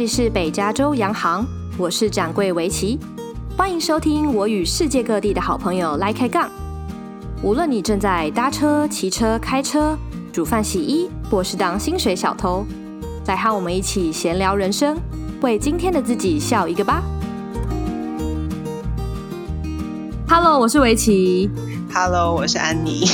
這裡是北加州洋行，我是掌櫃薇琪。歡迎收聽我與世界各地的好朋友來開槓。無論你正在搭車、騎車、開車、煮飯、洗衣，或是當薪水小偷，來和我們一起閒聊人生，為今天的自己笑一個吧。Hello，我是薇琪。Hello，我是安妮。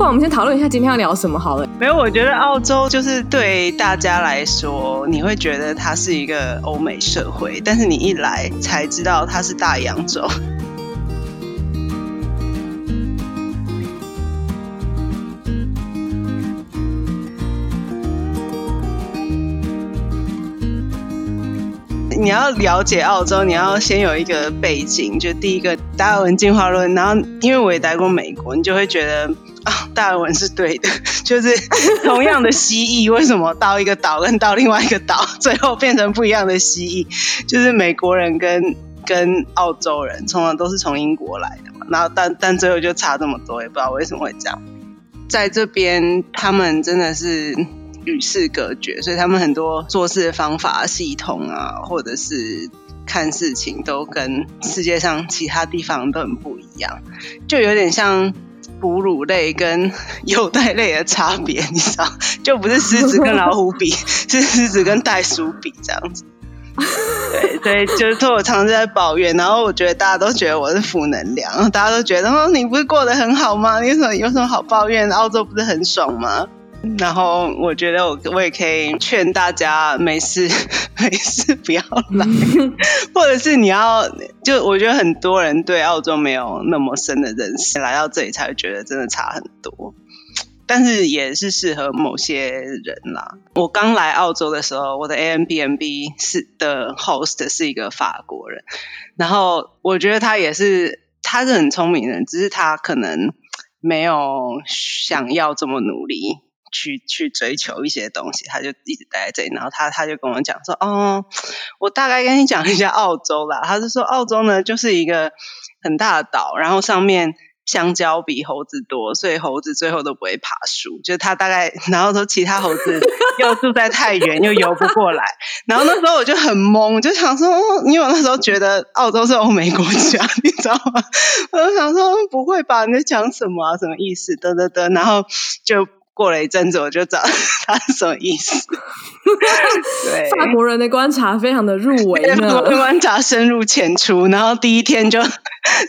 不，我們先討論一下今天要聊什麼好了。沒有，我覺得澳洲就是對大家來說，你會覺得它是一個歐美社會，但是你一來才知道它是大洋洲。 你要了解澳洲，你要先有一個背景，就第一個達爾文進化論。然後，因為我也待過美國，你就會覺得。哦，達爾文是對的，就是同樣的蜥蜴，為什麼到一個島跟到另外一個島，最後變成不一樣的蜥蜴？就是美國人跟跟澳洲人，通常都是從英國來的嘛。然後，但但最後就差這麼多，也不知道為什麼會這樣。在這邊，他們真的是與世隔絕，所以他們很多做事的方法、系統啊，或者是看事情，都跟世界上其他地方都很不一樣，就有點像。哺乳類跟有袋類的差別，你知道？就不是獅子跟老虎比， 是獅子跟袋鼠比這樣子。 對對，就是說，我常常在抱怨，然後我覺得大家都覺得我是負能量，大家都覺得說，你不是過得很好嗎？你你有什麼有什麼好抱怨？澳洲不是很爽嗎？然後我覺得我我也可以勸大家沒事沒事，不要來，或者是你要就，我覺得很多人對澳洲沒有那麼深的認識，來到這裡才會覺得真的差很多，但是也是適合某些人啦。我剛來澳洲的時候，我的 Airbnb 是的 host 是一個法國人，然後我覺得他也是，他是很聰明的人，只是他可能沒有想要這麼努力。去去追求一些東西，他就一直待在這裡。然後他他就跟我講說：“哦，我大概跟你講一下澳洲啦。”他就說澳洲呢，就是一個很大的島，然後上面香蕉比猴子多，所以猴子最後都不會爬樹。就他大概，然後說其他猴子又住在太遠， 又游不過來。然後那時候我就很懵，就想說：“因為我那時候覺得澳洲是歐美國家，你知道嗎？”我就想說：“不會吧？你在講什麼啊？什麼意思？”得得得，然後就。過了一陣子，我就知道他是什麼意思。 對，對法國人的觀察非常的入微，觀察深入淺出。然後第一天就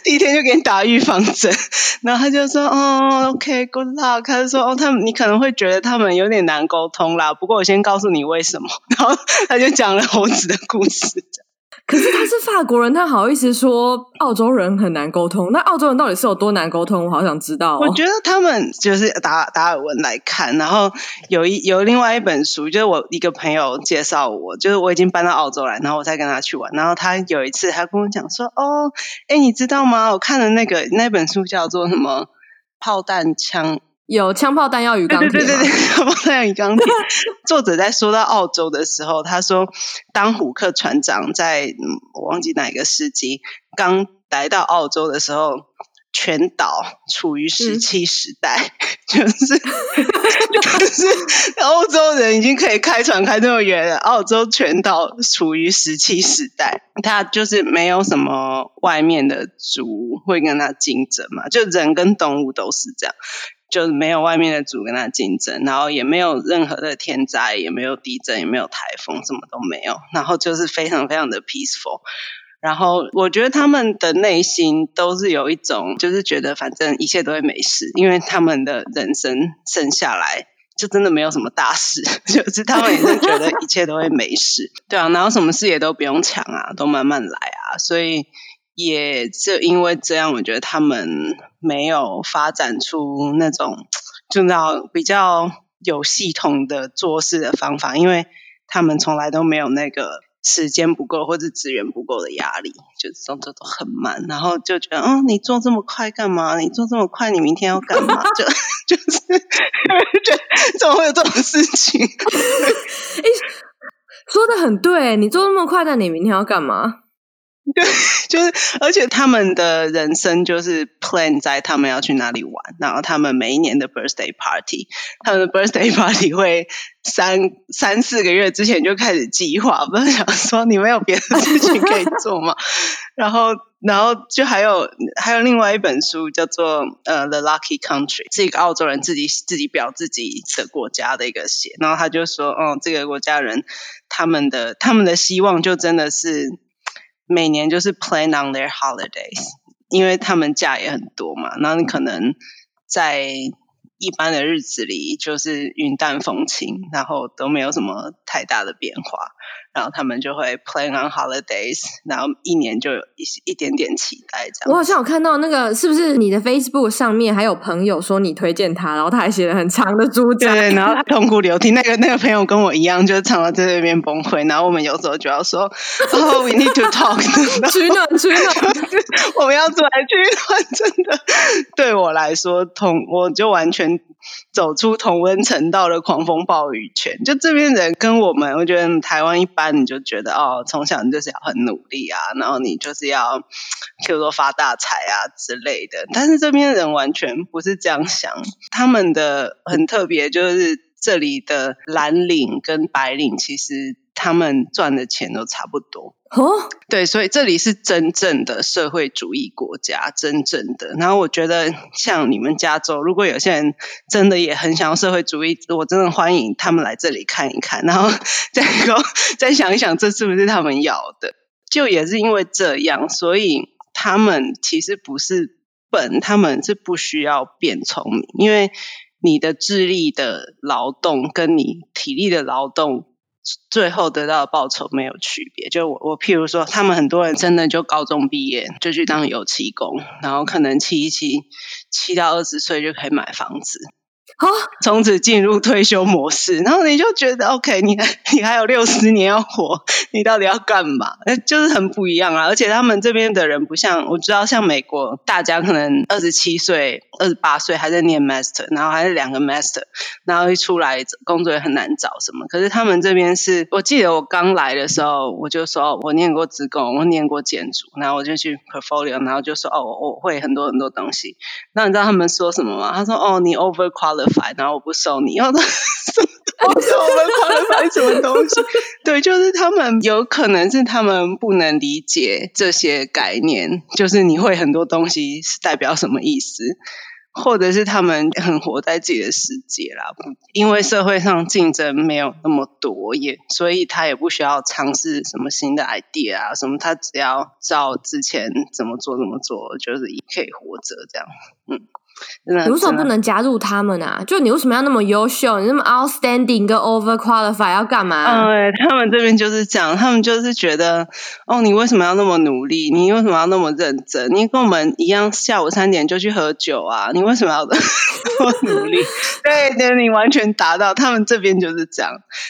第一天就給你打預防針，然後他就說：“哦，OK，good luck。Okay, ”他就說：“哦，他們你可能會覺得他們有點難溝通啦，不過我先告訴你為什麼。”然後他就講了猴子的故事。可是他是法國人，他好意思說澳洲人很難溝通。那澳洲人到底是有多難溝通？我好想知道哦。我覺得他們就是達達爾文來看，然後有一有另外一本書，就是我一個朋友介紹我，就是我已經搬到澳洲來，然後我再跟他去玩。然後他有一次他跟我講說：“哦，哎，你知道嗎？我看的那個那本書叫做什麼？炮彈槍。”有槍炮彈藥與鋼鐵嗎？對，對，對，對，槍炮彈藥與鋼鐵 作者在說到澳洲的時候，他說：“當虎克船長在我忘記哪個世紀剛來到澳洲的時候，全島處於石器時代，就是就是歐洲人已經可以開船開那麼遠了。澳洲全島處於石器時代，他就是沒有什麼外面的族會跟他競爭嘛，就人跟動物都是這樣。”就是沒有外面的族跟他競爭，然後也沒有任何的天災，也沒有地震，也沒有台風，什麼都沒有。然後就是非常非常的 peaceful。然後我覺得他們的內心都是有一種，就是覺得反正一切都會沒事，因為他們的人生剩下來就真的沒有什麼大事，就是他們也是覺得一切都會沒事。 對啊，然後什麼事也都不用搶啊，都慢慢來啊。所以也就因為這樣，我覺得他們。沒有發展出那種就那比較有系統的做事的方法，因為他們從來都沒有那個時間不夠或者資源不夠的壓力，就動作都很慢，然後就覺得，嗯、哦，你做這麼快幹嘛？你做這麼快，你明天要幹嘛？就 就是覺得 怎麼會有這種事情、 欸？說的很對，你做那麼快，但你明天要幹嘛？對， 就是，而且他們的人生就是 plan 在他們要去哪裡玩，然後他們每一年的 birthday party，他們的 birthday party 會三三四個月之前就開始計劃。不是想說你沒有別的事情可以做嗎？ 然後，然後就還有還有另外一本書叫做呃 The Lucky Country，是一個澳洲人自己自己表自己的國家的一個寫。然後他就說，哦，這個國家人他們的他們的希望就真的是。每年就是 plan on their holidays，因為他們假也很多嘛，那你可能在一般的日子裡就是雲淡風輕，然後都沒有什麼太大的變化。然後他們就會 plan on holidays，然後一年就有一些一,一點點期待這樣。我好像有看到那個是不是你的 Facebook 上面還有朋友說你推薦他，然後他還寫了很長的書。對、對，然後他痛哭流涕。 那個那個朋友跟我一樣，就是常常在這邊崩潰。然後我們有時候就要說 ，oh we need to talk，取暖 後 取暖，取暖 我們要出來取暖。真的，對我來說，同我就完全。走出同溫層到的狂風暴雨圈，就這邊人跟我們，我覺得台灣一般，你就覺得哦，從小你就是要很努力啊，然後你就是要，譬如說發大財啊之類的。但是這邊人完全不是這樣想，他們的很特別，就是這裡的藍領跟白領，其實他們賺的錢都差不多。哦，對，所以這裡是真正的社會主義國家，真正的。然後我覺得，像你們加州，如果有些人真的也很想要社會主義，我真的歡迎他們來這裡看一看，然後再後再想一想，這是不是他們要的？就也是因為這樣，所以他們其實不是笨，他們是不需要變聰明，因為你的智力的勞動跟你體力的勞動。最後得到的報酬沒有區別。就我，我譬如說，他們很多人真的就高中畢業就去當油漆工，然後可能漆一漆漆到二十歲就可以買房子。啊、哦！從此進入退休模式，然後你就覺得 OK，你還你還有六十年要活，你到底要幹嘛？就是很不一樣啊！而且他們這邊的人不像我知道，像美國大家可能二十七歲、二十八歲還在念 master，然後還是兩個 master，然後一出來工作也很難找什麼。可是他們這邊是我記得我剛來的時候，我就說、哦、我念過職工，我念過建築，然後我就去 portfolio，然後就說哦、哦，我會很多很多東西。那你知道他們說什麼嗎？他說哦，你 over qualified。煩，然後我不收你，然後他不知道我們可能買什麼東西。對，就是他們有可能是他們不能理解這些概念，就是你會很多東西是代表什麼意思，或者是他們很活在自己的世界啦。因為社會上競爭沒有那麼多也，也所以他也不需要嘗試什麼新的 idea 啊，什麼他只要照之前怎麼做怎麼做，就是也可以活着這樣。嗯。真的，你為什麼不能加入他們啊？的就你為什麼要那麼優秀，你那麼 outstanding 跟 over qualified 要幹嘛？對，oh, yeah, 他們這邊就是這樣，他們就是覺得，哦，你為什麼要那麼努力？你為什麼要那麼認真？你跟我們一樣，下午三點就去喝酒啊？你為什麼要這麼 努力？ 對，等你完全達到，他們這邊就是這樣，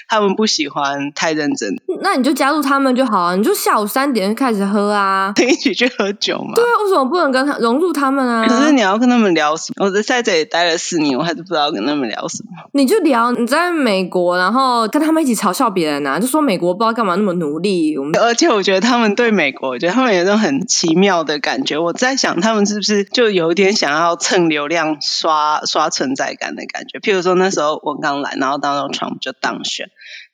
他們不喜歡太認真。那你就加入他們就好啊，你就下午三點就開始喝啊，可以一起去喝酒嘛？對，為什麼不能跟他融入他們啊？可是你要跟他們聊。我在雪梨這裡待了四年，我還是不知道跟他們聊什麼。你就聊你在美國，然後跟他們一起嘲笑別人啊，就說美國不知道幹嘛那麼努力。我們而且我覺得他們對美國，我覺得他們有一種很奇妙的感覺。我在想，他們是不是就有一點想要蹭流量刷刷存在感的感覺？譬如說那時候我剛來，然後當時 Trump 就當選，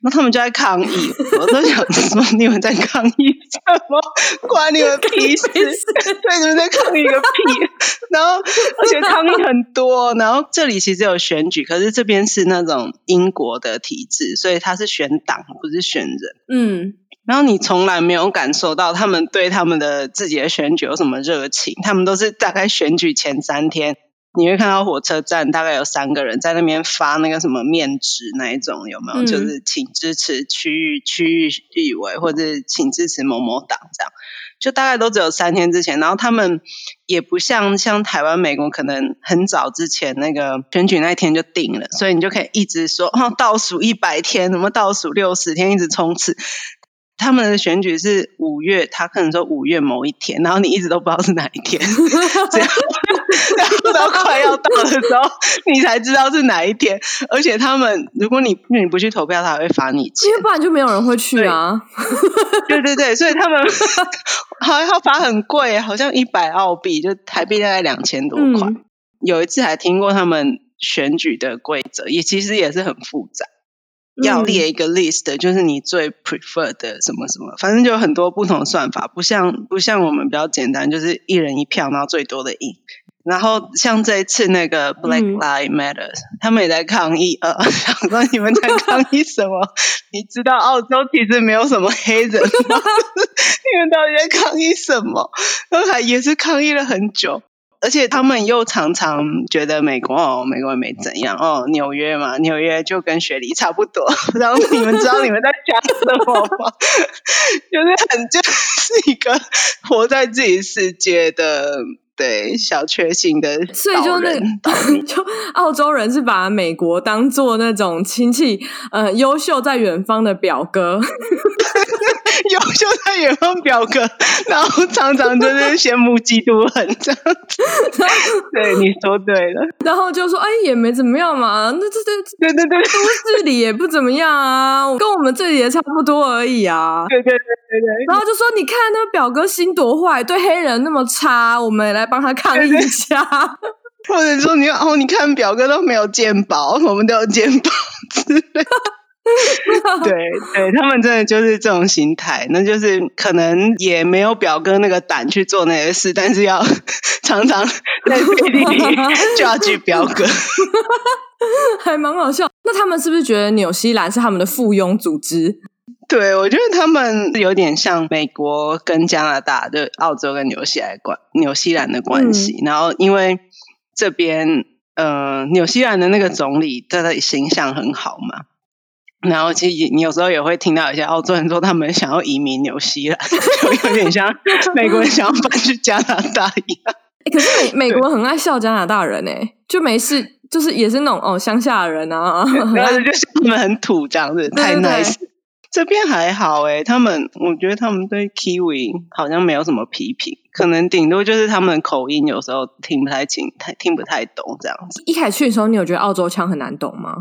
那他們就在抗議。我都想 說，你們在抗議什麼？關你們屁事！對，你們在抗議個屁！ 然後，而且蒼蠅很多。然後，這裡其實有選舉，可是這邊是那種英國的體制，所以他是選黨不是選人。嗯，然後你從來沒有感受到他們對他們的自己的選舉有什麼熱情，他們都是大概選舉前三天。你會看到火車站大概有三個人在那邊發那個什麼面紙那一種有沒有？嗯、就是請支持區域區域立委或者請支持某某黨這樣，就大概都只有三天之前，然後他們也不像像台灣美國可能很早之前那個選舉那一天就定了，嗯、所以你就可以一直說哦倒數一百天什麼倒數六十天一直衝刺。他們的選舉是五月，他可能說五月某一天，然後你一直都不知道是哪一天，直到快要到的時候，你才知道是哪一天。而且他們，如果你你不去投票，他還會罰你，因為不然就沒有人會去啊。對對對，所以他們好像罰很貴，好像一百澳幣，就台幣大概兩千多塊。嗯、有一次還聽過他們選舉的規則，也其實也是很複雜。要列一個 list，就是你最 prefer 的什麼什麼，反正就有很多不同的算法，不像不像我們比較簡單，就是一人一票，然後最多的贏。然後像這一次那個 Black Lives Matters，嗯、他們也在抗議呃，想說你們在抗議什麼？ 你知道澳洲其實沒有什麼黑人嗎？ 你們到底在抗議什麼？剛才也是抗議了很久。而且他們又常常覺得美國，哦、美國也沒怎樣哦，紐約嘛，紐約就跟雪梨差不多。然後你們知道你們在講什麼嗎？就是很就是一個活在自己世界的，對，小確幸的。所以就是、那個，命就澳洲人是把美國當做那種親戚，呃，優秀在遠方的表哥。 優秀在遠方，表哥，然後常常就是羨慕嫉妒恨這樣子。 對，你說對了。然後就說，哎，也沒怎麼樣嘛，那這這這這這都市裡也不怎麼樣啊，跟我們這裡也差不多而已啊。對，對對對對對。然後就說，你看那個表哥心多壞，對黑人那麼差，我們來幫他抗議一下。對對對或者說你，你哦，你看表哥都沒有健保，我們都有健保。 對對，他們真的就是這種心態，那就是可能也沒有表哥那個膽去做那些事，但是要常常在必 就要去表哥， 還蠻好笑。那他們是不是覺得紐西蘭是他們的附庸組織？ 對，我覺得他們有點像美國跟加拿大，就澳洲跟紐西蘭關紐西蘭的關係。嗯、然後因為這邊呃紐西蘭的那個總理他的形象很好嘛。然後其實你有時候也會聽到一些澳洲人說他們想要移民紐西蘭，就有點像美國人想要搬去加拿大一樣。 欸、可是美，美國很愛笑加拿大人誒對就沒事，就是也是那種哦鄉下人啊，然後對 就是他們很土這樣子，太 nice。對對對，這邊還好誒，他們我覺得他們對 Kiwi 好像沒有什麼批評，可能頂多就是他們口音有時候聽不太清，太聽不太懂這樣子。一開始去的時候，你有覺得澳洲腔很難懂嗎？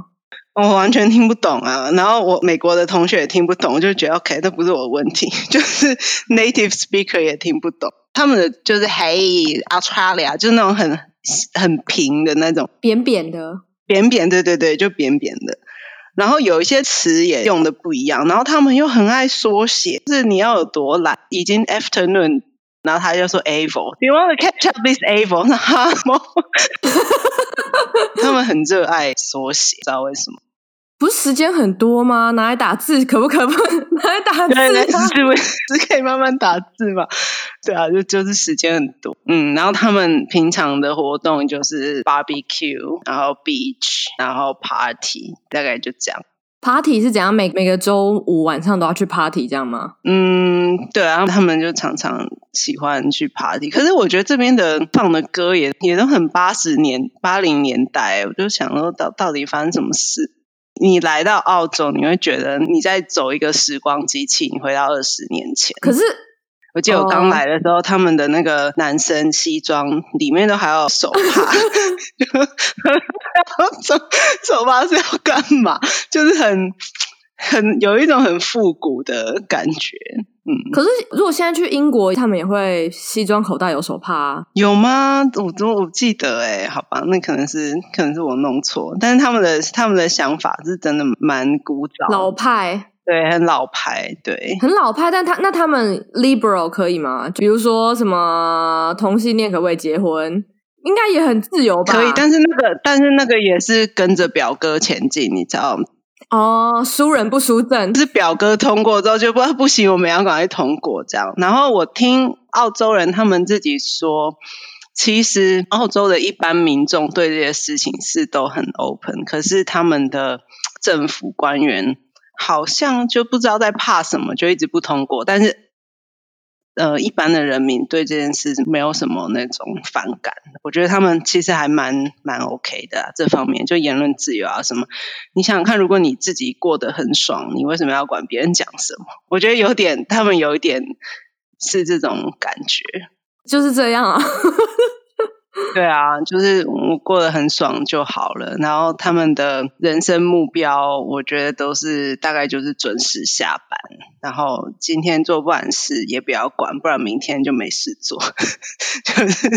我完全聽不懂啊！然後我美國的同學也聽不懂，就覺得 OK，這不是我的問題。就是 native speaker 也聽不懂，他們的就是 Hey Australia，就是那種很很平的那種，扁扁的，扁扁，對對對，就扁扁的。然後有一些詞也用的不一樣，然後他們又很愛縮寫，就是你要有多懶，已經 afternoon，然後他就說 Avo，你忘了 catch up this Avo？他們很熱愛縮寫，不知道為什麼。不是時間很多嗎？拿來打字可不可不拿來打字？啊？是，是是可以慢慢打字嘛？對啊，就就是時間很多。嗯，然後他們平常的活動就是 barbecue，然後 beach，然後 party，大概就這樣。Party 是怎樣？每每個周五晚上都要去 party，這樣嗎？嗯，對啊。他們就常常喜歡去 party。可是我覺得這邊的放的歌也也都很八十年、八零年代。我就想說，到到底發生什麼事？你來到澳洲，你會覺得你在走一個時光機器，你回到二十年前。可是我記得我剛來的時候，哦、他們的那個男生西裝裡面都還有手帕， 手手帕是要幹嘛？就是很。很有一種很復古的感覺，嗯。可是如果現在去英國，他們也會西裝口袋有手帕。啊，有嗎？我我我記得誒、欸、好吧，那可能是可能是我弄錯。但是他們的他們的想法是真的蠻古早，老派，對，很老派，對，很老派。老派，但他那他們 liberal 可以嗎？比如說什麼同性戀可不可以結婚，應該也很自由吧？可以，但是那個但是那個也是跟着表哥前進，你知道。哦，輸人不輸陣，是表哥通過之後，就不，不行，我們要趕快通過這樣。然後我聽澳洲人他們自己說，其實澳洲的一般民眾對這些事情是都很 open，可是他們的政府官員好像就不知道在怕什麼，就一直不通過，但是。呃，一般的人民對這件事沒有什麼那種反感，我覺得他們其實還蠻蠻 OK 的啊，這方面就言論自由啊什麼，你想想看，如果你自己過得很爽，你為什麼要管別人講什麼？我覺得有點，他們有一點是這種感覺，就是這樣啊。 對啊，就是我過得很爽就好了。然後他們的人生目標，我覺得都是大概就是準時下班，然後今天做不完事也不要管，不然明天就沒事做。 就是，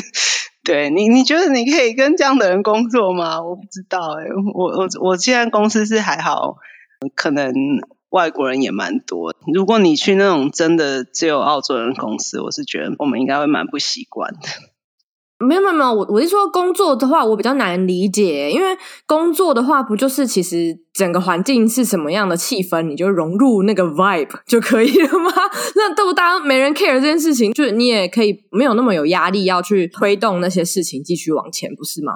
對你，你覺得你可以跟這樣的人工作嗎？我不知道、欸，哎，我我我現在公司是還好，可能外國人也蠻多。如果你去那種真的只有澳洲人公司，我是覺得我們應該會蠻不習慣的。沒有沒有沒有，我我是說工作的話，我比較難理解，因為工作的話，不就是其實整個環境是什麼樣的氣氛，你就融入那個 vibe 就可以了嗎？那都不當沒人 care 這件事情，就是你也可以沒有那麼有壓力，要去推動那些事情繼續往前，不是嗎？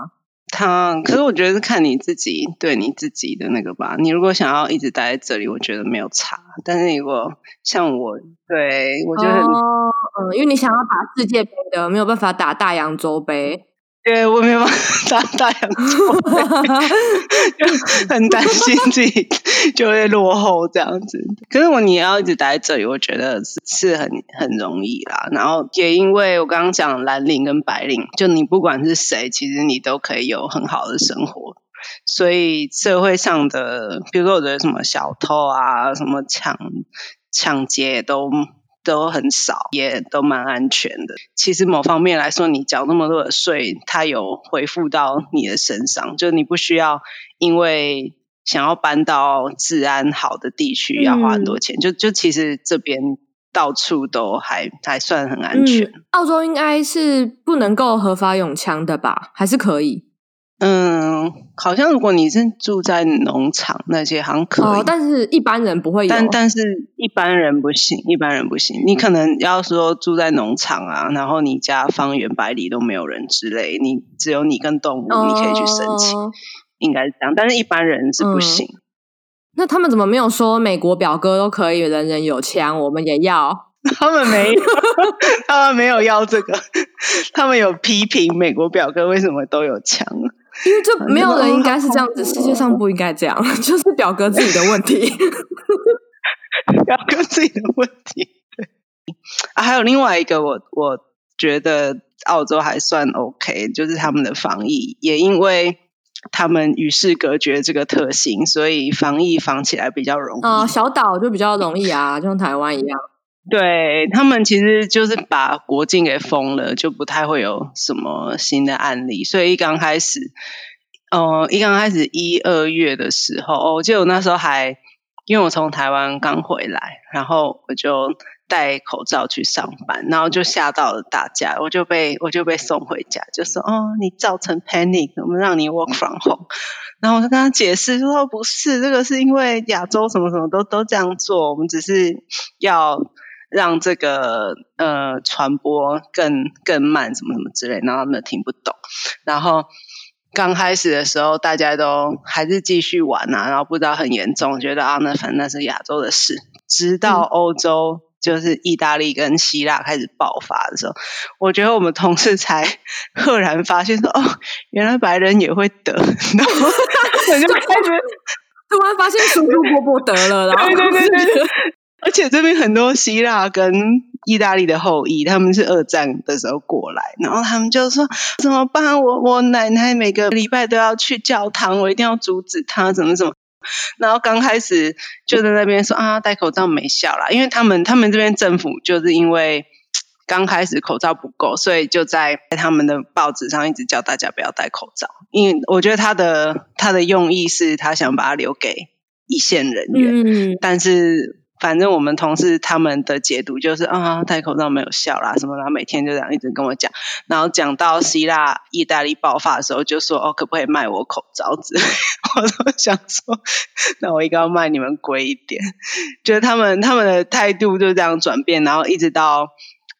他，可是我覺得是看你自己對你自己的那個吧。你如果想要一直待在這裡，我覺得沒有差。但是如果像我，對，我覺得很、哦、嗯，因為你想要打世界杯的，沒有辦法打大洋洲杯。因為我沒辦法打打兩做 就很擔心自己就會落後這樣子。可是我你要一直待在這裡，我覺得是，是很很容易啦。然後也因為我剛剛講藍領跟白領，就你不管是誰，其實你都可以有很好的生活。所以社會上的，比如說我覺得什麼小偷啊，什麼搶搶劫都。都很少，也都蠻安全的。其實某方面來說，你繳那麼多的稅，它有回復到你的身上，就你不需要因為想要搬到治安好的地區要花很多錢。嗯、就就其實這邊到處都還還算很安全、嗯。澳洲應該是不能夠合法擁槍的吧？還是可以？嗯，好像如果你是住在農場那些，好像可以，哦、但是一般人不會有。但但是一般人不行，一般人不行。你可能要說住在農場啊，然後你家方圓百里都沒有人之類，你只有你跟動物，你可以去申請，哦、應該是這樣。但是一般人是不行、嗯。那他們怎麼沒有說美國表哥都可以，人人有槍，我們也要？他們沒有， 他們沒有要這個。他們有批評美國表哥為什麼都有槍。因為就沒有人應該是這樣子，嗯、世界上不應該這樣，嗯、就是表哥自己的問題。 表哥自己的問題，對。啊，還有另外一個我，我我覺得澳洲還算 OK，就是他們的防疫也因為他們與世隔絕這個特性，所以防疫防起來比較容易啊、呃。小島就比較容易啊， 就像台灣一樣。對，他們其實就是把國境給封了，就不太會有什麼新的案例。所以一剛開始，呃，一剛開始一二月的時候，哦，我記得我那時候還，因為我從台灣剛回來，然後我就戴口罩去上班，然後就嚇到了大家，我就被我就被送回家，就說哦，你造成 panic，我們讓你 work from home。然後我就跟他解釋，就說不是，這個是因為亞洲什麼什麼都都這樣做，我們只是要。讓這個呃傳播更更慢，什麼什麼之類，然後他們聽不懂。然後剛開始的時候，大家都還是繼續玩啊，然後不知道很嚴重，覺得啊，那反正那是亞洲的事。直到歐洲，嗯、就是意大利跟希臘開始爆發的時候，我覺得我們同事才赫然發現說，哦，原來白人也會得，然後我就 突然突然發現，叔叔伯伯得了，然後。對對對對對。而且這邊很多希臘跟意大利的後裔，他們是二戰的時候過來，然後他們就說：“怎麼辦？我我奶奶每個禮拜都要去教堂，我一定要阻止她，怎麼怎麼。”然後剛開始就在那邊說：“啊，戴口罩沒效了，因為他們他們這邊政府就是因為剛開始口罩不夠，所以就在他們的報紙上一直叫大家不要戴口罩。因為我覺得他的他的用意是他想把它留給一線人員，嗯、但是。”反正我們同事他們的解讀就是啊，戴口罩沒有效啦，什麼的，然後每天就這樣一直跟我講，然後講到希臘、意大利爆發的時候，就說哦，可不可以賣我口罩之類，我都想說，那我應該要賣你們貴一點。就是他們他們的態度就這樣轉變，然後一直到。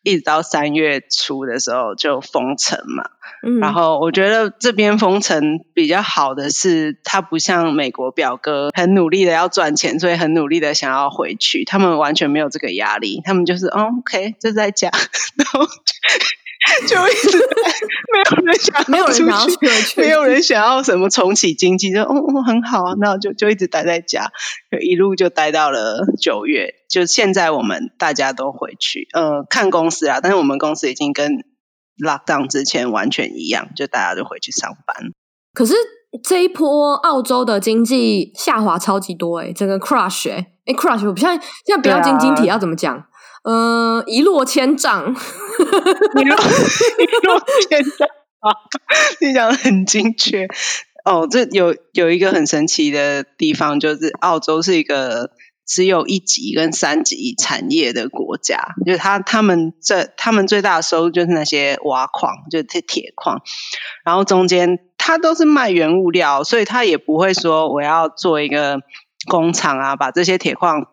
一直到三月初的時候就封城嘛，嗯、然後我覺得這邊封城比較好的是，他不像美國表哥很努力的要賺錢，所以很努力的想要回去，他們完全沒有這個壓力，他們就是、哦、OK 就在家，然後。 就一直 沒有人想要出去，沒有人想要什麼重啟經濟， 就哦哦，很好啊，那我就就一直待在家，一路就待到了九月，就現在我們大家都回去，呃，看公司啊，但是我們公司已經跟 lockdown 之前完全一樣，就大家就回去上班。可是這一波澳洲的經濟下滑超級多誒、欸，整個 crash 哎、欸、crash 我不像像不要晶晶體、啊、要怎麼講？嗯、呃，一落千丈，一 落 一落千丈啊！ 你講的很精確哦。這有有一個很神奇的地方，就是澳洲是一個只有一級跟三級產業的國家，就是他他們最他們最大的收入就是那些挖礦，就是鐵鐵礦。然後中間他都是賣原物料，所以他也不會說我要做一個工廠啊，把這些鐵礦。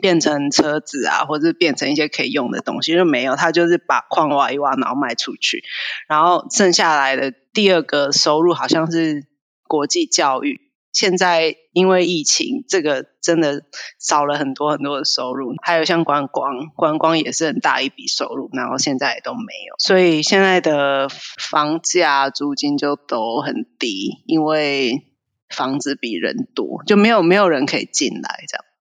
變成車子啊，或者變成一些可以用的東西就沒有。他就是把礦挖一挖，然後賣出去，然後剩下來的第二個收入好像是國際教育。現在因為疫情，這個真的少了很多很多的收入。還有像觀光，觀光也是很大一筆收入，然後現在也都沒有。所以現在的房價租金就都很低，因為房子比人多，就沒有沒有人可以進來這樣。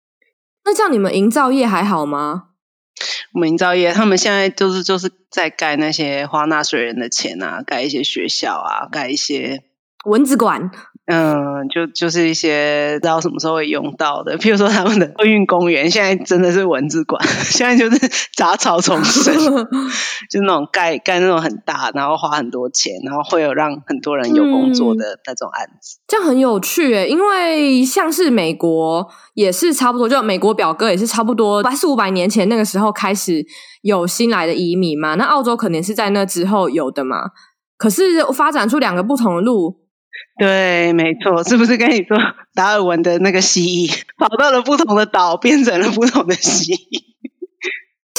像你們營造業還好嗎？我們營造業，他們現在就是就是在蓋那些花納稅人的錢啊，蓋一些學校啊，蓋一些蚊子館。嗯，就就是一些不知道什麼時候會用到的，譬如說他們的奧運公園，現在真的是蚊子館，現在就是雜草叢生， 就是那種蓋蓋那種很大，然後花很多錢，然後會有讓很多人有工作的那種案子。嗯、這樣很有趣誒，因為像是美國也是差不多，就美國表哥也是差不多，八四五百年前那個時候開始有新來的移民嘛，那澳洲肯定是在那之後有的嘛。可是發展出兩個不同的路。對，沒錯，是不是跟你說達爾文的那個蜥蜴跑到了不同的島，變成了不同的蜥蜴？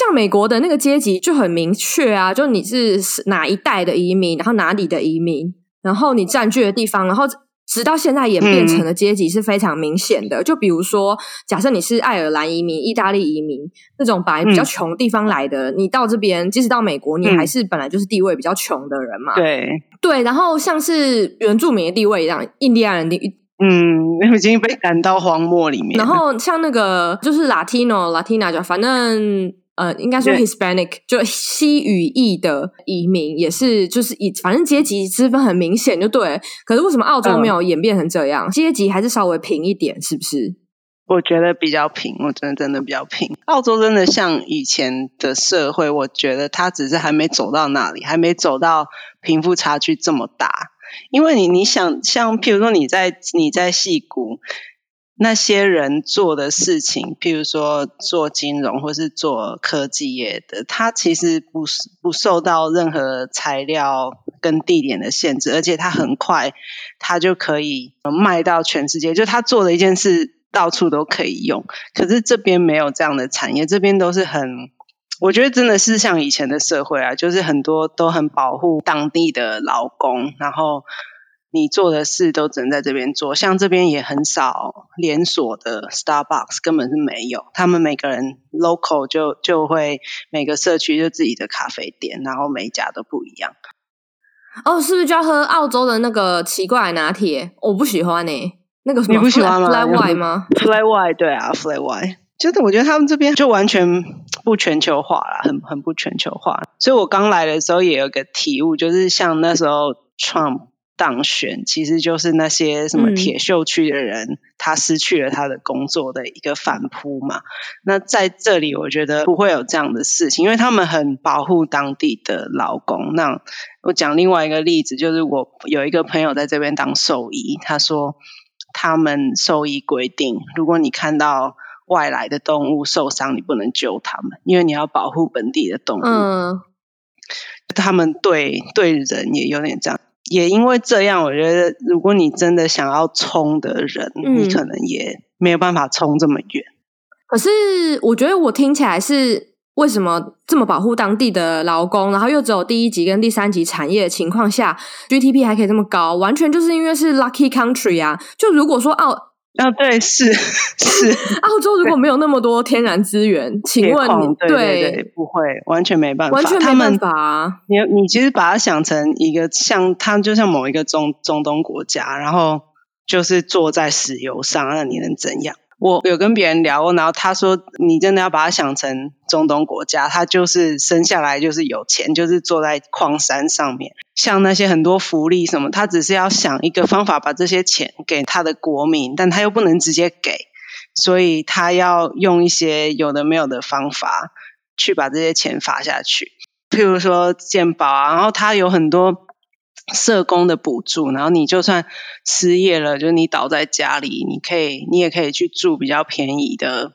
像美國的那個階級就很明確啊，就你是哪一代的移民，然後哪裡的移民，然後你佔據的地方，然後直到現在演變成了階級是非常明顯的。嗯、就比如說，假設你是愛爾蘭移民、意大利移民那種，本來比較窮的地方來的，嗯、你到這邊，即使到美國，你還是本來就是地位比較窮的人嘛。嗯、對。對，然後像是原住民的地位一樣，印第安人的，嗯，因為已經被趕到荒漠裡面。然後像那個就是 Latino、Latina 就反正呃，應該說 Hispanic 對就西語裔的移民，也是就是以反正階級之分很明顯，就對。可是為什麼澳洲沒有演變成這樣？呃、階級還是稍微平一點，是不是？我覺得比較平，我真的真的比較平。澳洲真的像以前的社會，我覺得它只是還沒走到那裡，還沒走到。貧富差距這麼大，因為你你想像，譬如說你在你在矽谷那些人做的事情，譬如說做金融或是做科技業的，他其實不是不受到任何材料跟地點的限制，而且他很快他就可以賣到全世界。就他做的一件事，到處都可以用，可是這邊沒有這樣的產業，這邊都是很。我覺得真的是像以前的社會啊，就是很多都很保護當地的勞工，然後你做的事都只能在這邊做。像這邊也很少連鎖的 Starbucks，根本是沒有。他們每個人 local 就就會每個社區就自己的咖啡店，然後每家都不一樣。哦，是不是就要喝澳洲的那個奇怪拿鐵？我不喜歡誒、欸，那個你不喜歡嗎？Flat white 嗎？Flat white 對啊，Flat white 真的，我覺得他們這邊就完全。不全球化啦，很很不全球化。所以我剛來的時候也有個體悟，就是像那時候 Trump 當選，其實就是那些什麼鐵鏽區的人，嗯、他失去了他的工作的一個反撲嘛。那在這裡，我覺得不會有這樣的事情，因為他們很保護當地的勞工。那我講另外一個例子，就是我有一個朋友在這邊當獸醫，他說他們獸醫規定，如果你看到。外來的動物受傷，你不能救他們，因為你要保護本地的動物。嗯，他們對對人也有點這樣，也因為這樣，我覺得如果你真的想要衝的人，嗯、你可能也沒有辦法衝這麼遠。可是我覺得我聽起來是為什麼這麼保護當地的勞工，然後又只有第一級跟第三級產業的情況下，GDP 還可以這麼高，完全就是因為是 Lucky Country 啊！就如果說哦。啊，對，是是，澳洲如果沒有那麼多天然資源， 請問，對對對，對，不會，完全沒辦法，完全沒辦法，你你其實把它想成一個像，它就像某一個中中東國家，然後就是坐在石油上，那你能怎樣？我有跟別人聊過，然後他說：“你真的要把他想成中東國家，他就是生下來就是有錢，就是坐在礦山上面，像那些很多福利什麼，他只是要想一個方法把這些錢給他的國民，但他又不能直接給，所以他要用一些有的沒有的方法去把這些錢發下去，譬如說健保啊，然後他有很多。”社工的補助，然後你就算失業了，就你倒在家裡，你可以，你也可以去住比較便宜的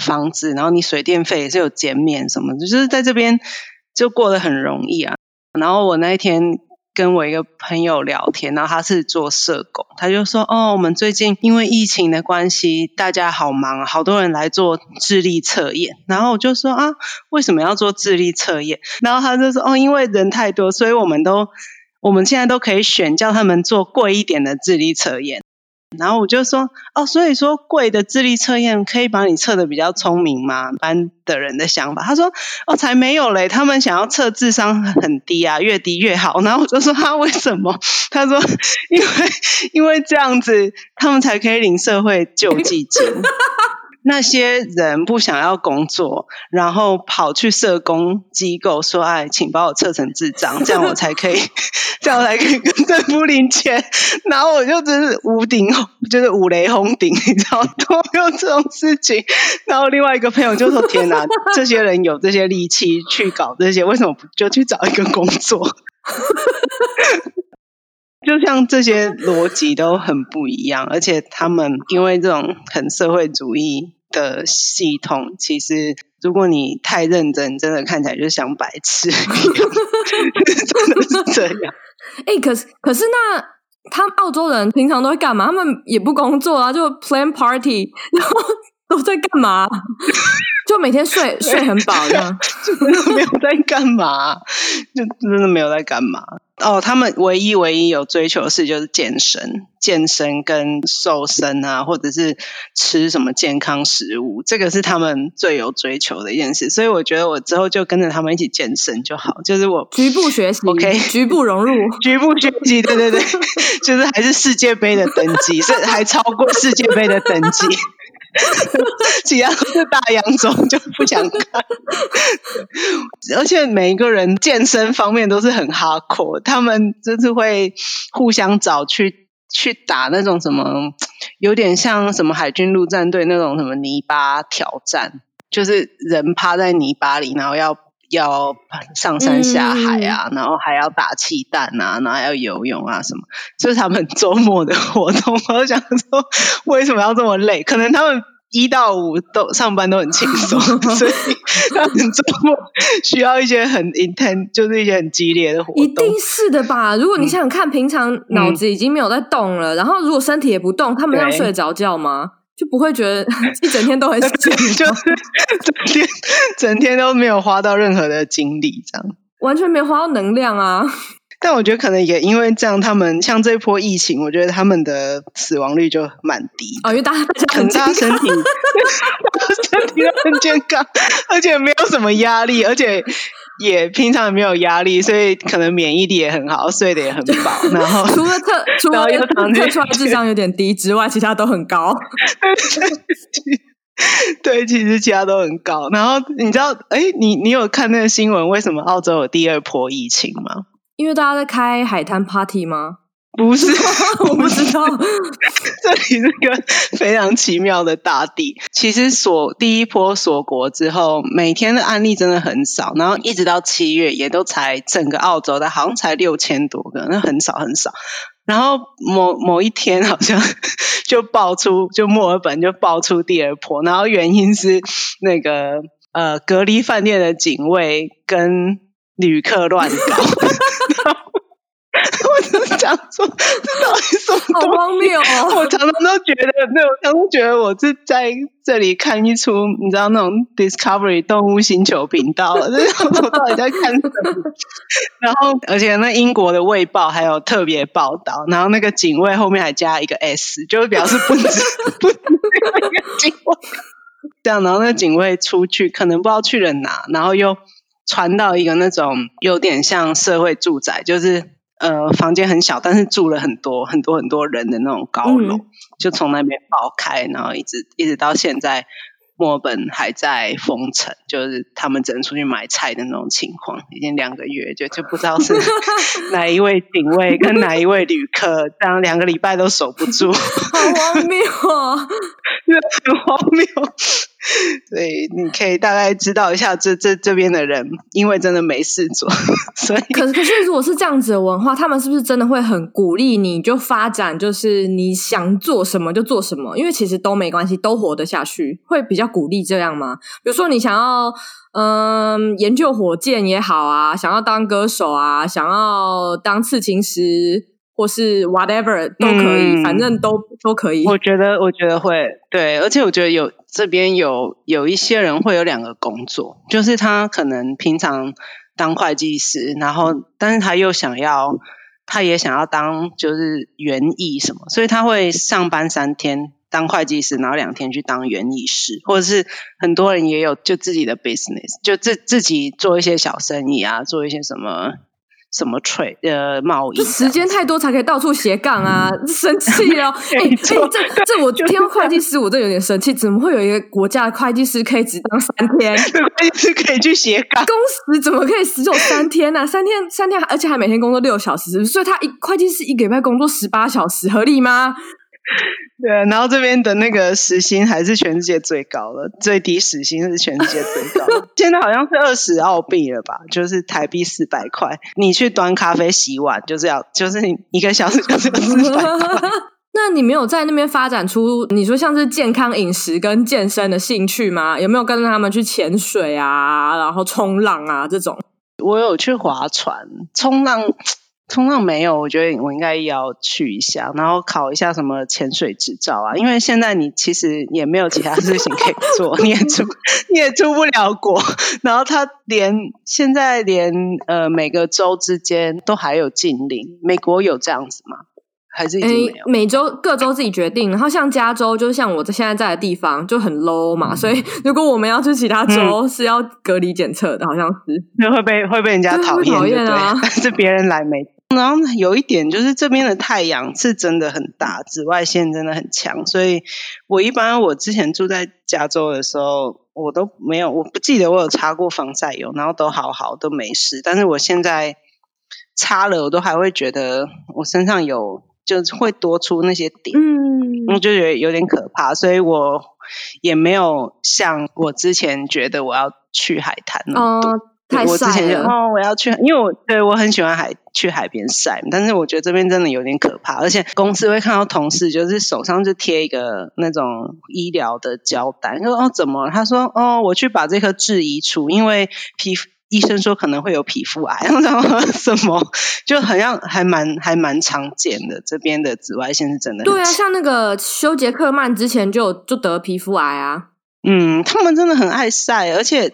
房子，然後你水電費也是有減免什麼的，就是在這邊就過得很容易啊。然後我那一天跟我一個朋友聊天，然後他是做社工，他就說：“哦，我們最近因為疫情的關係，大家好忙啊，好多人來做智力測驗。”然後我就說：“啊，為什麼要做智力測驗？”然後他就說：“哦，因為人太多，所以我們都。”我們現在都可以選叫他們做貴一點的智力測驗，然後我就說哦，所以說貴的智力測驗可以把你測得比較聰明嗎？一般的人的想法。他說哦，才沒有嘞，他們想要測智商很低啊，越低越好。然後我就說他、啊、為什麼？他說因為因為這樣子他們才可以領社會救濟金。那些人不想要工作，然後跑去社工機構說：“哎，請把我測成智障，這樣我才可以，這樣我才可以跟政府領錢。”然後我就真是五頂，就是五雷轟頂，你知道嗎？都沒有這種事情。然後另外一個朋友就說：“ 天哪，這些人有這些力氣去搞這些，為什麼不就去找一個工作？” 就像這些邏輯都很不一樣，而且他們因為這種很社會主義的系統，其實如果你太認真，真的看起來就像白痴一樣， 真的是這樣。哎、欸，可是可是那他澳洲人平常都會幹嘛？他們也不工作啊，就 plan party，然後。都在幹嘛？就每天睡 睡很飽，這樣都沒有在幹嘛？就真的沒有在幹嘛？哦，他們唯一唯一有追求的事就是健身、健身跟瘦身啊，或者是吃什麼健康食物，這個是他們最有追求的一件事。所以我覺得我之後就跟着他們一起健身就好，就是我局部學習，OK，局部融入，局部學習，對對對，就是還是世界杯的等級， 是還超過世界杯的等級。只要 是大洋洲就不想看，而且每一個人健身方面都是很 hardcore，他們就是會互相找去去打那種什麼，有點像什麼海軍陸戰隊那種什麼泥巴挑戰，就是人趴在泥巴裡，然後要。要上山下海啊，嗯、然後還要打氣彈啊，然後還要游泳啊，什麼？這，就是他們週末的活動。我就想說，為什麼要這麼累？可能他們一到五都上班都很輕鬆， 所以他們週末需要一些很 inten- 就是一些很激烈的活動。一定是的吧？如果你想想看，平常腦子已經沒有在動了，嗯、然後如果身體也不動，他們要睡得着覺嗎？就不會覺得一整天都很緊張， 就整天整天都沒有花到任何的精力，這樣完全沒花到能量啊！但我覺得可能也因為這樣，他們像這一波疫情，我覺得他們的死亡率就蠻低啊。哦，因為大家很、很大家身體， 身體都很健康，而且沒有什麼壓力，而且。也平常沒有壓力，所以可能免疫力也很好，睡得也很飽。就然後除了特後除了測測出來智商有點低之外， 其他都很高。 對，其實其他都很高。然後你知道，哎，你你有看那個新聞，為什麼澳洲有第二波疫情嗎？因為大家在開海灘 party 嗎？不是不，我不知道。 這裡是個非常奇妙的大地。其實鎖第一波鎖國之後，每天的案例真的很少。然後一直到七月，也都才整個澳洲的好像才六千多個，那很少很少。然後某某一天，好像就爆出，就墨爾本就爆出第二波。然後原因是那個呃，隔離飯店的警衛跟旅客亂搞。 我只想說，這到底什麼？好荒謬！我常常都覺得，那我常常覺得我是在這裡看一出，你知道那種 Discovery 動物星球頻道，就是我到底在看什麼？然後，而且那英國的《衛報》還有特別報道，然後那個警衛後面還加一個 S，就會表示不止 不止那個一個警衛。這樣，然後那警衛出去，可能不知道去了哪，然後又傳到一個那種有點像社會住宅，就是。呃，房間很小，但是住了很多很多很多人的那種高樓，嗯、就從那邊爆開，然後一直一直到現在，墨爾本還在封城，就是他們只能出去買菜的那種情況，已經兩個月就，就就不知道是哪一位警衛跟哪一位旅客，這樣 兩個禮拜都守不住，好荒謬啊、哦，這 很荒謬、哦。對，你可以大概知道一下這這這邊的人，因為真的沒事做，所以可可是，可是如果是這樣子的文化，他們是不是真的會很鼓勵你？就發展就是你想做什麼就做什麼，因為其實都沒關係，都活得下去，會比較鼓勵這樣嗎？比如說你想要嗯，呃，研究火箭也好啊，想要當歌手啊，想要當刺青師，或是 whatever 都可以，嗯、反正都都可以。我覺得，我覺得會對，而且我覺得有這邊有有一些人會有兩個工作，就是他可能平常當會計師，然後但是他又想要，他也想要當就是園藝什麼，所以他會上班三天當會計師，然後兩天去當園藝師，或者是很多人也有就自己的 business，就自自己做一些小生意啊，做一些什麼。什麼錘呃貿易的？就時間太多才可以到處斜槓啊！嗯、生氣哦！哎錯、欸欸、這這我聽會計師，我這有點生氣。怎麼會有一個國家的會計師可以只當三天？會計師可以去斜槓？工時怎麼可以只有三天啊？三天三天，而且還每天工作六小時，所以他一會計師一個禮拜工作十八小時，合理嗎？ 對，然後這邊的那個時薪還是全世界最高的，最低時薪是全世界最高， 現在好像是二十澳幣了吧，就是台幣四百塊。你去端咖啡、洗碗，就這樣，就是你一個小時就是四百。 那你沒有在那邊發展出你說像是健康飲食跟健身的興趣嗎？有沒有跟着他們去潛水啊，然後衝浪啊這種？我有去划船、衝浪。通常沒有，我覺得我應該要去一下，然後考一下什麼潛水執照啊。因為現在你其實也沒有其他事情可以做， 你也出你也出不了國。然後他連現在連呃每個州之間都還有禁令，美國有這樣子嗎？還是已經沒有？欸、每周各州自己決定。然後像加州，就像我現在在的地方，就很 low 嘛。嗯、所以如果我們要去其他州，嗯、是要隔離檢測的，好像是。那會被會被人家討厭。對、對、會被討厭啊。但是別人來沒然後有一點就是，這邊的太陽是真的很大，紫外線真的很強。所以，我一般我之前住在加州的時候，我都沒有，我不記得我有擦過防曬油，然後都好好都沒事。但是我現在擦了，我都還會覺得我身上有就會多出那些點，我、嗯、就覺得有點可怕。所以我也沒有像我之前覺得我要去海灘那麼，哦，那麼，太曬了。我之前覺得，哦，我要去，因為我對我很喜歡海灘。去海邊曬，但是我覺得這邊真的有點可怕，而且公司會看到同事就是手上就貼一個那種醫療的膠帶，說哦，怎麼？他說，哦，我去把這顆痣移除，因為皮膚醫生說可能會有皮膚癌，然後什麼就好像還蠻還蠻，還蠻常見的，這邊的紫外線是真的很。對啊，像那個休傑克曼之前就就得皮膚癌啊，嗯，他們真的很愛曬，而且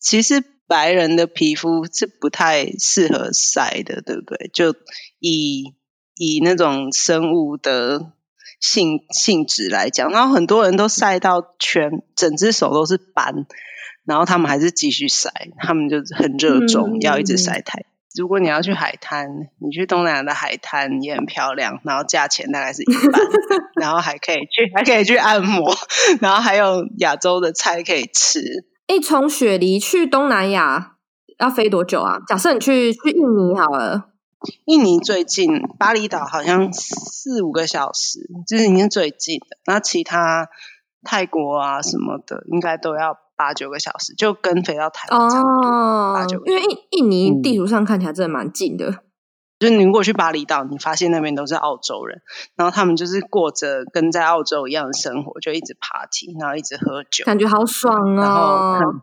其實。白人的皮膚是不太適合曬的，對不對？就以以那種生物的性性質來講，然後很多人都曬到全整只手都是斑，然後他們還是繼續曬，他們就很熱衷、嗯、要一直曬太陽。嗯、如果你要去海灘，你去東南亞的海灘也很漂亮，然後價錢大概是一半， 然後還可以去還可以去按摩，然後還有亞洲的菜可以吃。誒，從雪梨去東南亞要飛多久啊？假設你去去印尼好了，印尼最近巴厘島好像四五個小時，就是已經最近的。那其他泰國啊什麼的，應該都要八九個小時，就跟飛到台灣差不多。哦，八九個，因為印印尼地圖上看起來真的蠻近的。嗯就你如果去巴厘島，你發現那邊都是澳洲人，然後他們就是過着跟在澳洲一樣的生活，就一直 party，然後一直喝酒，感覺好爽啊！然後，嗯，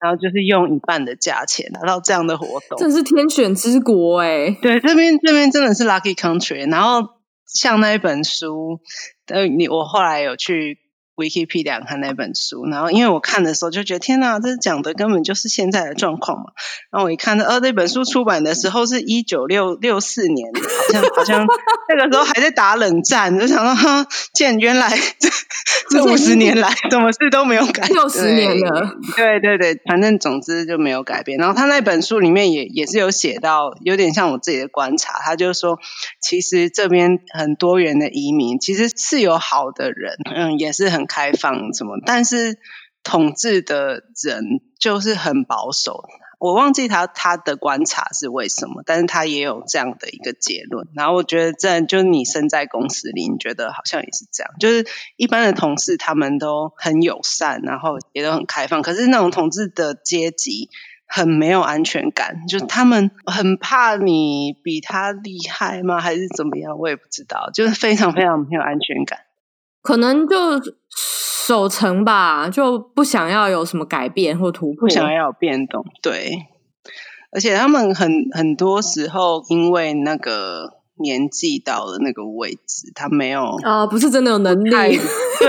然後就是用一半的價錢拿到這樣的活動，真的是天選之國哎、欸！對，這邊這邊真的是 lucky country。然後像那一本書，呃，你我後來有去，Wikipedia 看那本書，然後因為我看的時候就覺得天哪、啊，這講的根本就是現在的狀況嘛。然後我一看，呃、哦，那本書出版的時候是一九六六四年，好像好像那個時候還在打冷戰， 就想到哈，見原來這五十年來什是麼事都沒有改變。六十年了對，對對對，反正總之就沒有改變。然後他那本書裡面也也是有寫到，有點像我自己的觀察，他就說，其實這邊很多元的移民，其實是有好的人，嗯，也是很，開放什麼？但是統治的人就是很保守的。我忘記他他的觀察是為什麼，但是他也有這樣的一個結論。然後我覺得，這樣，就是你身在公司裡，你覺得好像也是這樣。就是一般的同事他們都很友善，然後也都很開放。可是那種統治的階級很沒有安全感，就是他們很怕你比他厲害嗎？還是怎麼樣？我也不知道，就是非常非常沒有安全感。可能就守成吧，就不想要有什麼改變或突破，不想要有變動。對，而且他們很很多時候，因為那個年紀到了那個位置，他沒有啊、呃，不是真的有能力，對，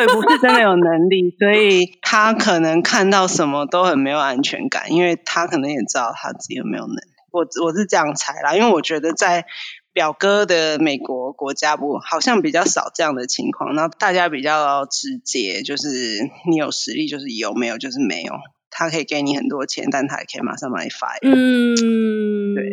不是真的有能力， 所以他可能看到什麼都很沒有安全感，因為他可能也知道他自己有沒有能力。我我是這樣猜啦，因為我覺得在。表哥的美國國家不好像比較少這樣的情況，那大家比較直接，就是你有實力，就是有沒有，就是沒有。他可以給你很多錢，但他也可以馬上把你 fire。嗯，對。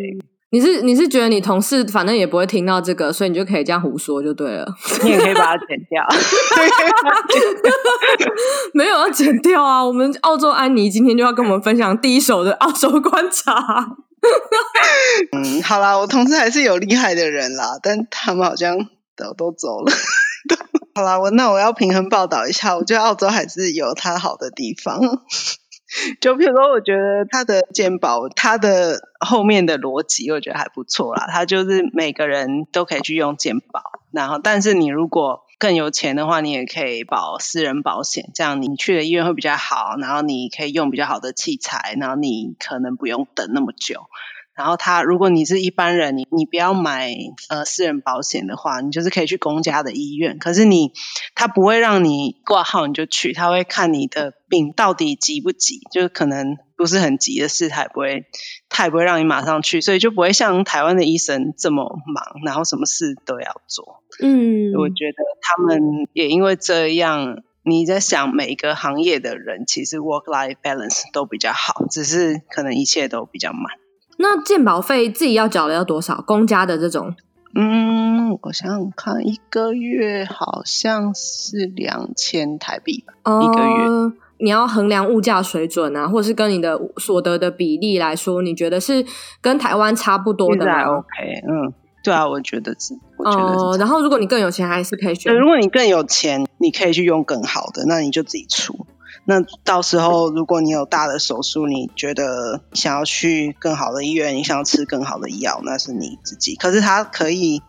你是你是覺得你同事反正也不會聽到這個，所以你就可以這樣胡說就對了。你也可以把它剪掉。 沒有要剪掉啊！我們澳洲安妮今天就要跟我們分享第一手的澳洲觀察。 嗯，好啦，我同事還是有厲害的人啦，但他們好像都都走了。 好啦，我那我要平衡報道一下，我覺得澳洲還是有它好的地方。 就比如說，我覺得它的健保，它的後面的邏輯，我覺得還不錯啦。它就是每個人都可以去用健保，然後但是你如果。更有錢的話，你也可以保私人保險，這樣你去的醫院會比較好，然後你可以用比較好的器材，然後你可能不用等那麼久。然後他，如果你是一般人，你你不要買呃私人保險的話，你就是可以去公家的醫院。可是你，他不會讓你掛號你就去，他會看你的病到底急不急，就是可能不是很急的事，他也不會，他也不會讓你馬上去，所以就不會像台灣的醫生這麼忙，然後什麼事都要做。嗯，我覺得他們也因為這樣，你在想每一個行業的人，其實 work-life balance 都比較好，只是可能一切都比較慢。那健保費自己要繳的要多少？公家的這種，嗯，我想想看，一個月好像是兩千台幣吧，呃、一個月。你要衡量物價水準啊，或是跟你的所得的比例來說，你覺得是跟台灣差不多的？OK，嗯，對啊，我覺得是，我覺得、呃。然後，如果你更有錢，還是可以選。如果你更有錢，你可以去用更好的，那你就自己出。那到時候，如果你有大的手術，你覺得想要去更好的醫院，你想要吃更好的藥，那是你自己。可是它可以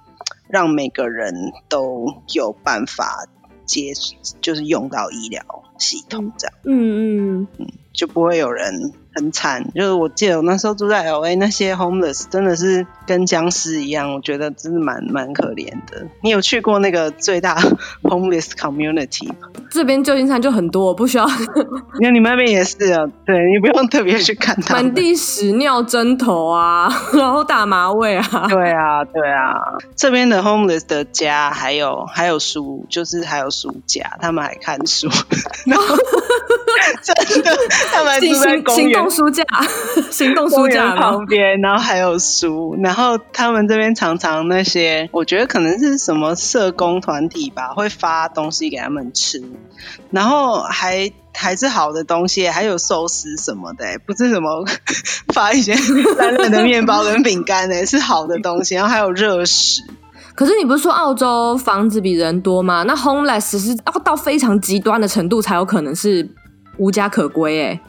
讓每個人都有辦法接，就是用到醫療系統這樣。嗯嗯，嗯，嗯，就不會有人。很慘，就是我記得我那時候住在 LA，那些 homeless 真的是跟殭屍一樣，我覺得真的蠻蠻可憐的。你有去過那個最大 homeless community 嗎？這邊舊金山就很多，我不需要。那 你，你們那邊也是啊？對，你不用特別去看他們。滿地屎尿針頭啊，然後大麻味啊。對啊，對啊。這邊的 homeless 的家，還有還有書，就是還有書架，他們還看書。 然後 真的，他們還住在公園。書架，行動書架旁邊，然後還有書，然後他們這邊常常那些，我覺得可能是什麼社工團體吧，會發東西給他們吃，然後還還是好的東西，還有壽司什麼的，欸，不是什麼發一些乾冷的麵包跟餅乾呢， 是好的東西，然後還有熱食。可是你不是說澳洲房子比人多嗎？那 homeless 是要到非常極端的程度才有可能是無家可歸哎、欸。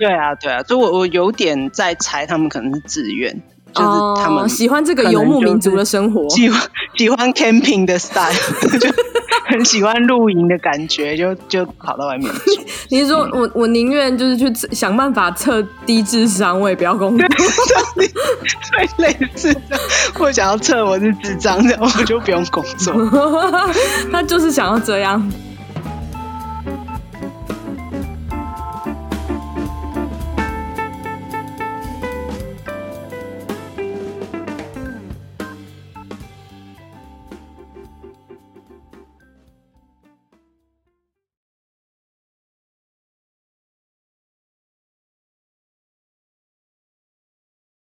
對啊，對啊，對啊，就我我有點在猜，他們可能是自願，Oh, 就是他們喜歡這個游牧民族的生活，喜歡喜歡 camping 的 style， 就很喜歡露營的感覺，就就跑到外面去。 你是說、嗯、我我寧願就是去想辦法測低智商，我也不要工作，最 類似的，我想要測我是智障，這樣我就不用工作。 他就是想要這樣。